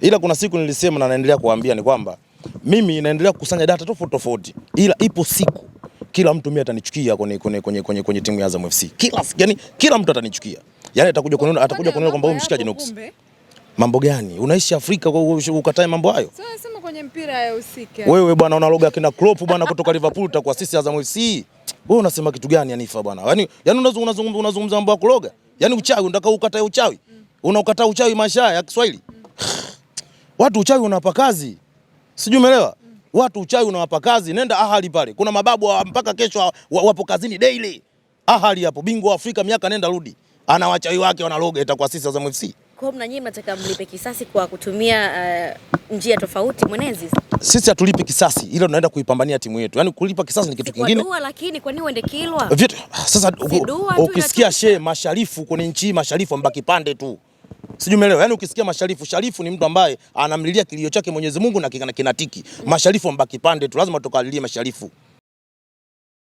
Ila kuna siku nilisema na naendelea kuambia ni kwamba mimi naendelea kukusanya data tofauti tofauti, ila ipo siku kila mtu mimi atanichukia kwenye kwenye kwenye kwenye, kwenye timu ya Azam FC. Kila yani kila mtu atanichukia. Yaani atakuja kuniona atakuja kuniona kwamba wewe mshikaji nuks. Mambo gani? Unaishi Afrika kwa ukatae mambo hayo? Sio sema kwenye mpira ya hayahusiki. Wewe bwana una unaloga kina Klopp bwana kutoka Liverpool utakuwa sisi Azam FC. Wewe unasema kitu gani Hanifa bwana? Yaani yani unazungumza unazungumza mambo ya kuloga? Yaani uchawi unataka ukatae uchawi? Mm. Unaukataa uchawi maisha ya Kiswahili? Watu uchawi unawapa kazi. Sijui umeelewa? Watu uchawi unawapa kazi. Nenda ahali pale. Kuna mababu mpaka kesho wapo kazini daily. Ahali hapo bingwa wa Afrika miaka nenda rudi. Ana wachawi wake wanaloga itakuwa sisi Azam FC. Kwa hiyo nyinyi mnataka mlipe kisasi kwa kutumia uh, njia tofauti mwenezi? Sisi hatulipi kisasi, ila tunaenda kuipambania timu yetu. Yaani kulipa kisasi ni kitu kingine. Kwa dua lakini kwa nini uende kilwa? Vitu sasa ukisikia shehe masharifu kwenye nchi masharifu ambaki pande tu. Sijui umeelewa? Yaani ukisikia Masharifu, Sharifu ni mtu ambaye anamlilia kilio chake Mwenyezi Mungu na kinatiki. Masharifu mbaki pande tu, lazima tukalilie Masharifu.